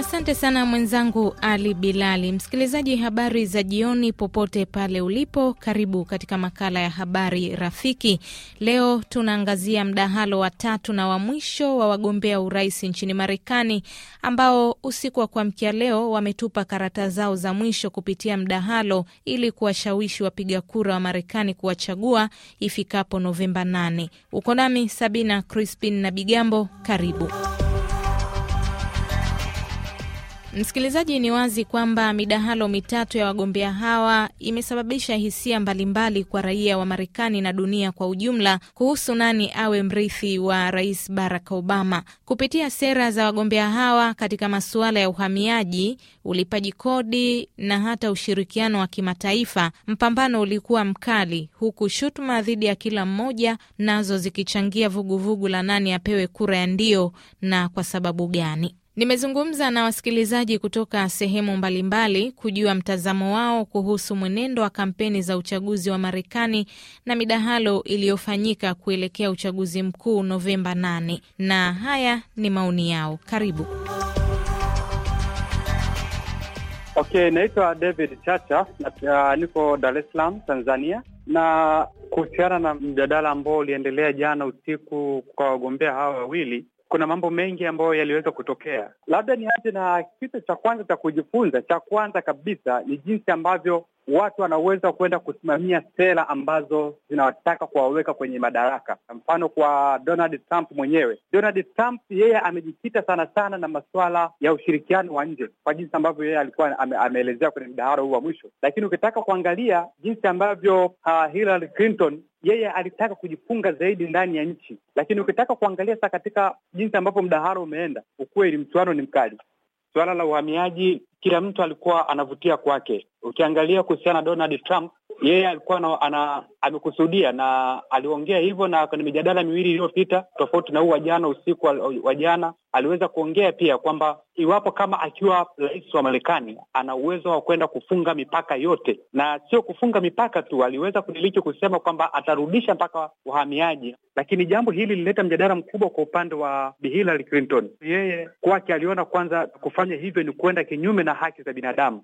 Asante sana mwenzangu Ali Bilali. Msikilizaji, habari za jioni popote pale ulipo, karibu katika makala ya habari rafiki. Leo tunaangazia mdahalo wa tatu na wa mwisho wa wagombea urais nchini Marekani ambao usiku wa kuamkia leo wametupa karata zao za mwisho kupitia mdahalo ili kuwashawishi wapiga kura wa Marekani kuwachagua ifikapo Novemba 8. Uko nami Sabina Crispin na Bigambo, karibu. Msikilizaji, ni wazi kwamba midahalo mitatu ya wagombea hawa imesababisha hisia mbalimbali kwa raia wa Marekani na dunia kwa ujumla kuhusu nani awe mrithi wa Rais Barack Obama. Kupitia sera za wagombea hawa katika masuala ya uhamiaji, ulipaji kodi na hata ushirikiano wa kimataifa, mpambano ulikuwa mkali, huku shutuma dhidi ya kila mmoja nazo zikichangia vuguvugu vugu la nani apewe kura ya ndio na kwa sababu gani. Nimezungumza na wasikilizaji kutoka sehemu mbalimbali kujua mtazamo wao kuhusu mwenendo wa kampeni za uchaguzi wa Marekani na midahalo iliyofanyika kuelekea uchaguzi mkuu Novemba 8, na haya ni maoni yao. Karibu. Okay, naitwa David Chacha na uh, niko Dar es Salaam, Tanzania na kuhusiana na mjadala ambao uliendelea jana usiku kwa wagombea hawa wawili, kuna mambo mengi ambayo yaliweza kutokea. Labda nianze na kitu cha kwanza cha kujifunza, cha kwanza kabisa ni jinsi ambavyo watu wanaweza kwenda kusimamia sera ambazo zinawataka kuwaweka kwenye madaraka. Kwa mfano kwa Donald Trump mwenyewe, Donald Trump yeye amejikita sana sana na masuala ya ushirikiano wa nje kwa jinsi ambavyo yeye alikuwa ame, ameelezea kwenye mdahalo huu wa mwisho, lakini ukitaka kuangalia jinsi ambavyo uh, Hillary Clinton yeye alitaka kujifunga zaidi ndani ya nchi, lakini ukitaka kuangalia sasa katika jinsi ambavyo mdahalo umeenda, ukweli mchuano ni mkali. Suala la uhamiaji, kila mtu alikuwa anavutia kwake Ukiangalia kuhusiana na Donald Trump, yeye alikuwa ana, amekusudia na aliongea hivyo, na kwenye mijadala miwili iliyopita, tofauti na huu wa jana usiku wa jana, aliweza kuongea pia kwamba iwapo kama akiwa rais wa Marekani ana uwezo wa kwenda kufunga mipaka yote, na sio kufunga mipaka tu, aliweza kuniliki kusema kwamba atarudisha mpaka uhamiaji. Lakini jambo hili lilileta mjadala mkubwa kwa upande wa Bi Hillary Clinton. Yeye kwake aliona kwanza kufanya hivyo ni kuenda kinyume na haki za binadamu,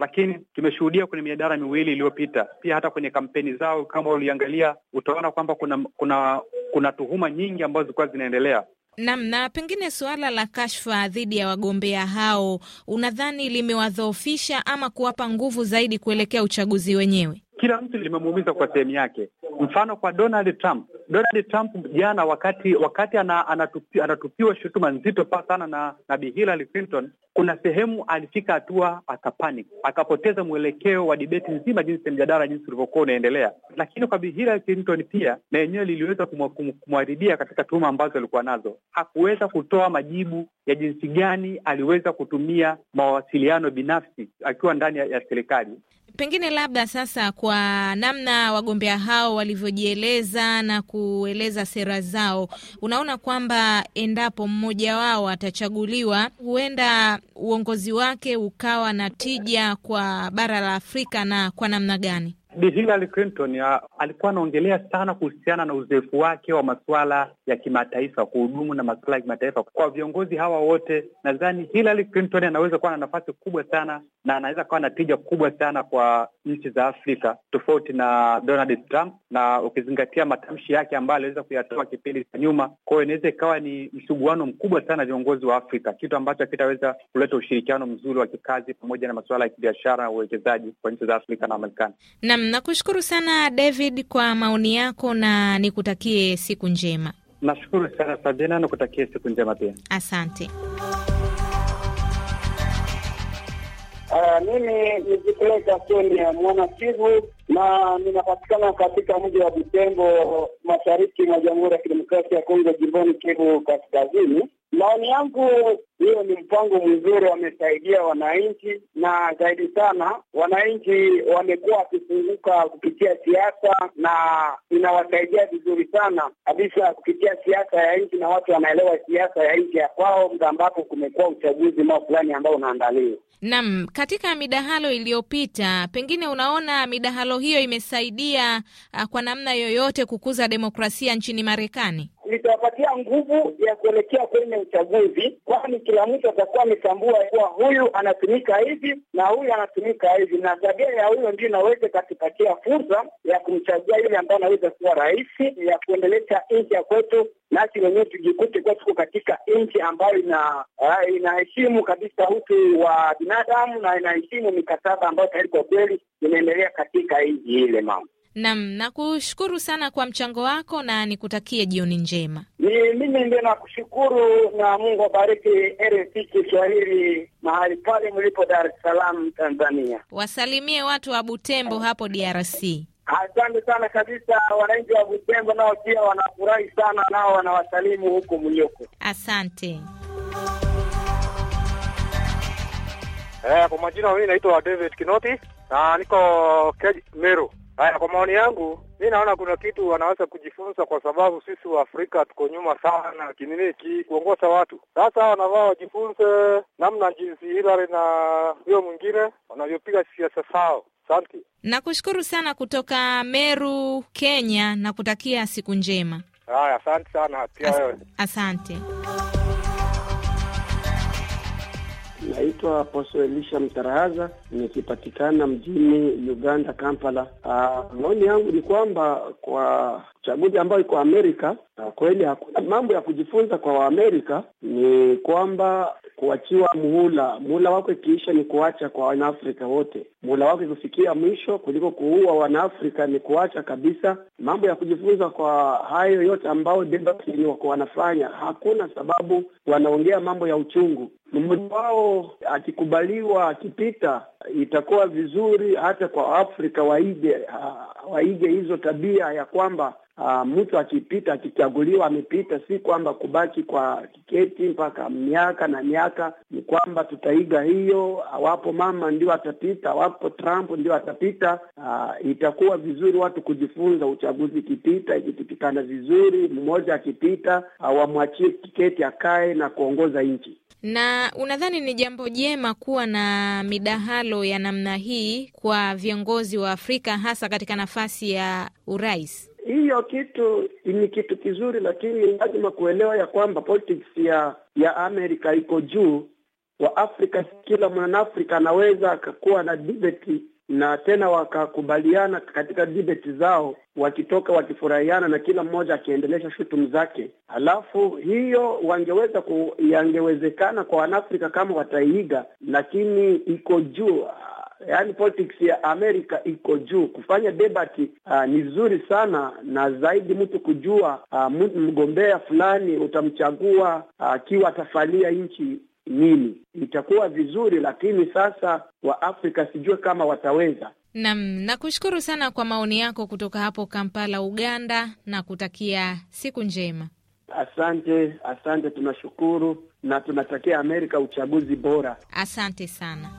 lakini tumeshuhudia kwenye miadara miwili iliyopita, pia hata kwenye kampeni zao, kama uliangalia utaona kwamba kuna kuna kuna tuhuma nyingi ambazo zilikuwa zinaendelea nam na pengine suala la kashfa dhidi ya wagombea hao unadhani limewadhoofisha ama kuwapa nguvu zaidi kuelekea uchaguzi wenyewe? kila mtu limemuumiza kwa sehemu yake. Mfano kwa Donald Trump, Donald Trump jana wakati wakati ana, anatupi, anatupiwa shutuma nzito sana na, na Bi Hillary Clinton, kuna sehemu alifika hatua akapanic, akapoteza mwelekeo wa dibeti nzima, jinsi mjadala jinsi ulivyokuwa unaendelea. Lakini kwa Bi Hillary Clinton pia na yenyewe liliweza kumwaribia katika tuhuma ambazo alikuwa nazo. Hakuweza kutoa majibu ya jinsi gani aliweza kutumia mawasiliano binafsi akiwa ndani ya, ya serikali. Pengine labda sasa, kwa namna wagombea hao walivyojieleza na kueleza sera zao, unaona kwamba endapo mmoja wao atachaguliwa, huenda uongozi wake ukawa na tija kwa bara la Afrika na kwa namna gani? Bi Hillary Clinton ya, alikuwa anaongelea sana kuhusiana na uzoefu wake wa masuala ya kimataifa, kuhudumu na masuala ya kimataifa. Kwa viongozi hawa wote, nadhani Hillary Clinton anaweza kuwa na nafasi kubwa sana na anaweza kuwa na tija kubwa sana kwa nchi za Afrika, tofauti na Donald Trump, na ukizingatia matamshi yake ambayo aliweza kuyatoa kipindi cha nyuma. Kwa hiyo inaweza ikawa ni msuguano mkubwa sana viongozi wa Afrika, kitu ambacho akitaweza kuleta ushirikiano mzuri wa kikazi pamoja na masuala ya kibiashara na uwekezaji kwa nchi za Afrika na Marekani nakushukuru sana David kwa maoni yako na nikutakie siku njema. Nashukuru sana Sabina, nikutakie siku njema pia, asante. Uh, mimi ni Jipeleka Kenya mwana Kivu na ninapatikana katika mji wa Butembo, mashariki mwa Jamhuri ya Kidemokrasia ya Kongo, jimboni Kivu Kaskazini. Maoni yangu hiyo ni mpango mzuri, wamesaidia wananchi na zaidi sana wananchi wamekuwa wakifunguka kupitia siasa, na inawasaidia vizuri sana kabisa kupitia siasa ya nchi, na watu wanaelewa siasa ya nchi ya kwao, muda ambapo kumekuwa uchaguzi mao fulani ambao unaandaliwa. Naam, katika midahalo iliyopita, pengine unaona midahalo hilo hiyo imesaidia ah, kwa namna yoyote kukuza demokrasia nchini Marekani? litawapatia nguvu ya kuelekea kwenye uchaguzi, kwani kila mtu atakuwa ametambua kuwa huyu anatumika hivi na huyu anatumika hivi, na tabia ya huyo ndio inaweza ikatupatia fursa ya kumchagua yule ambaye anaweza kuwa rais ya kuendeleza nchi ya kwetu, nasi wenyewe tujikute kuwa tuko katika nchi ambayo ina eh, inaheshimu kabisa utu wa binadamu na inaheshimu mikataba ambayo tayari kwa kweli inaendelea katika nchi ile mama Nam, nakushukuru sana kwa mchango wako na nikutakie jioni njema. Ni mimi ndio nakushukuru na Mungu abariki RFI Kiswahili mahali pale mlipo Dar es Salaam, Tanzania. Wasalimie watu wa Butembo hapo DRC. Asante sana kabisa. Wananchi wa Butembo nao pia wanafurahi sana, nao wanawasalimu huko mlioko. Asante. Eh, kwa majina mimi naitwa David Kinoti na niko Meru. Haya, kwa maoni yangu mi naona kuna kitu wanaweza kujifunza, kwa sababu sisi wa Afrika tuko nyuma sana kininiki kuongoza watu. Sasa wanavaa wajifunze namna jinsi Hillary na huyo mwingine wanavyopiga siasa zao. Asante, nakushukuru sana kutoka Meru, Kenya, na kutakia siku njema. Haya, asante sana pia wewe, asante. Naitwa Poso Elisha Mtarahaza, nikipatikana mjini Uganda, Kampala. Ah, maoni yangu ni kwamba kwa chaguzi ambayo iko Amerika kweli hakuna mambo ya kujifunza kwa Waamerika, ni kwamba kuachiwa muhula, muhula wako ikiisha ni kuacha kwa Wanaafrika wote, muhula wako ikufikia mwisho kuliko kuua Wanaafrika ni kuacha kabisa. Mambo ya kujifunza kwa hayo yote ambao wako wanafanya, hakuna sababu wanaongea mambo ya uchungu mmoja wao akikubaliwa, akipita, itakuwa vizuri hata kwa Afrika waige waige hizo tabia ya kwamba uh, mtu akipita akichaguliwa amepita, si kwamba kubaki kwa tiketi mpaka miaka na miaka. Ni kwamba tutaiga hiyo, awapo mama ndio atapita, awapo Trump ndio atapita. Uh, itakuwa vizuri watu kujifunza, uchaguzi ikipita, ikipitikana vizuri, mmoja akipita, awamwachie tiketi akae na kuongoza nchi na unadhani ni jambo jema kuwa na midahalo ya namna hii kwa viongozi wa Afrika hasa katika nafasi ya urais? hiyo kitu ni kitu kizuri, lakini lazima kuelewa ya kwamba politics ya ya Amerika iko juu. Waafrika, kila mwanaafrika anaweza akakuwa na debate na tena wakakubaliana katika debate zao, wakitoka wakifurahiana na kila mmoja akiendelesha shutumu zake. Alafu hiyo wangeweza ku, yangewezekana kwa wanaafrika kama wataiiga, lakini iko juu yani politics ya Amerika iko juu. Kufanya debati uh, ah, ni nzuri sana, na zaidi mtu kujua uh, mgombea fulani utamchagua ah, akiwa uh, atafalia nchi nini, itakuwa vizuri, lakini sasa wa Afrika sijue kama wataweza. Naam, nakushukuru sana kwa maoni yako kutoka hapo Kampala, Uganda, na kutakia siku njema. Asante, asante, tunashukuru na tunatakia Amerika uchaguzi bora. Asante sana.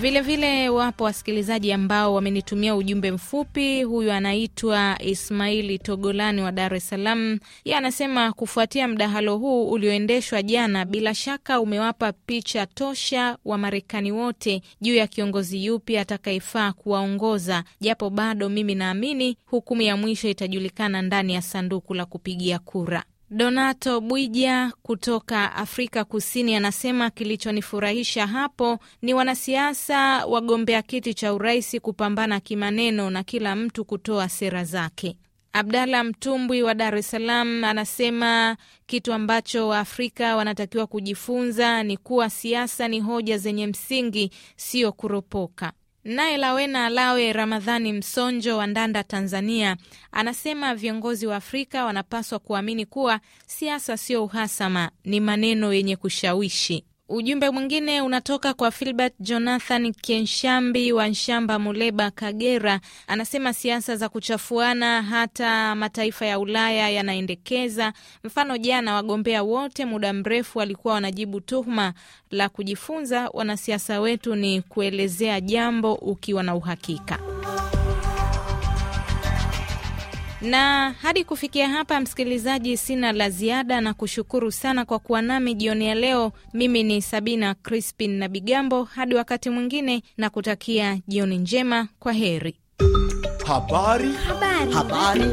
Vilevile wapo wasikilizaji ambao wamenitumia ujumbe mfupi. Huyu anaitwa Ismaili Togolani wa Dar es Salaam. Yeye anasema kufuatia mdahalo huu ulioendeshwa jana, bila shaka umewapa picha tosha wa Marekani wote juu ya kiongozi yupi atakayefaa kuwaongoza, japo bado mimi naamini hukumu ya mwisho itajulikana ndani ya sanduku la kupigia kura. Donato Bwija kutoka Afrika Kusini anasema kilichonifurahisha hapo ni wanasiasa wagombea kiti cha urais kupambana kimaneno na kila mtu kutoa sera zake. Abdalla Mtumbwi wa Dar es Salaam anasema kitu ambacho Waafrika wanatakiwa kujifunza ni kuwa siasa ni hoja zenye msingi, sio kuropoka. Naye Lawena Lawe Ramadhani Msonjo wa Ndanda, Tanzania, anasema viongozi wa Afrika wanapaswa kuamini kuwa siasa sio uhasama, ni maneno yenye kushawishi. Ujumbe mwingine unatoka kwa Filbert Jonathan kenshambi wa Nshamba, Muleba, Kagera. Anasema siasa za kuchafuana hata mataifa ya Ulaya yanaendekeza. Mfano, jana wagombea wote muda mrefu walikuwa wanajibu tuhuma. La kujifunza wanasiasa wetu ni kuelezea jambo ukiwa na uhakika. Na hadi kufikia hapa, msikilizaji, sina la ziada na kushukuru sana kwa kuwa nami jioni ya leo. Mimi ni Sabina Crispin na Bigambo, hadi wakati mwingine na kutakia jioni njema, kwa heri. Habari. Habari. Habari.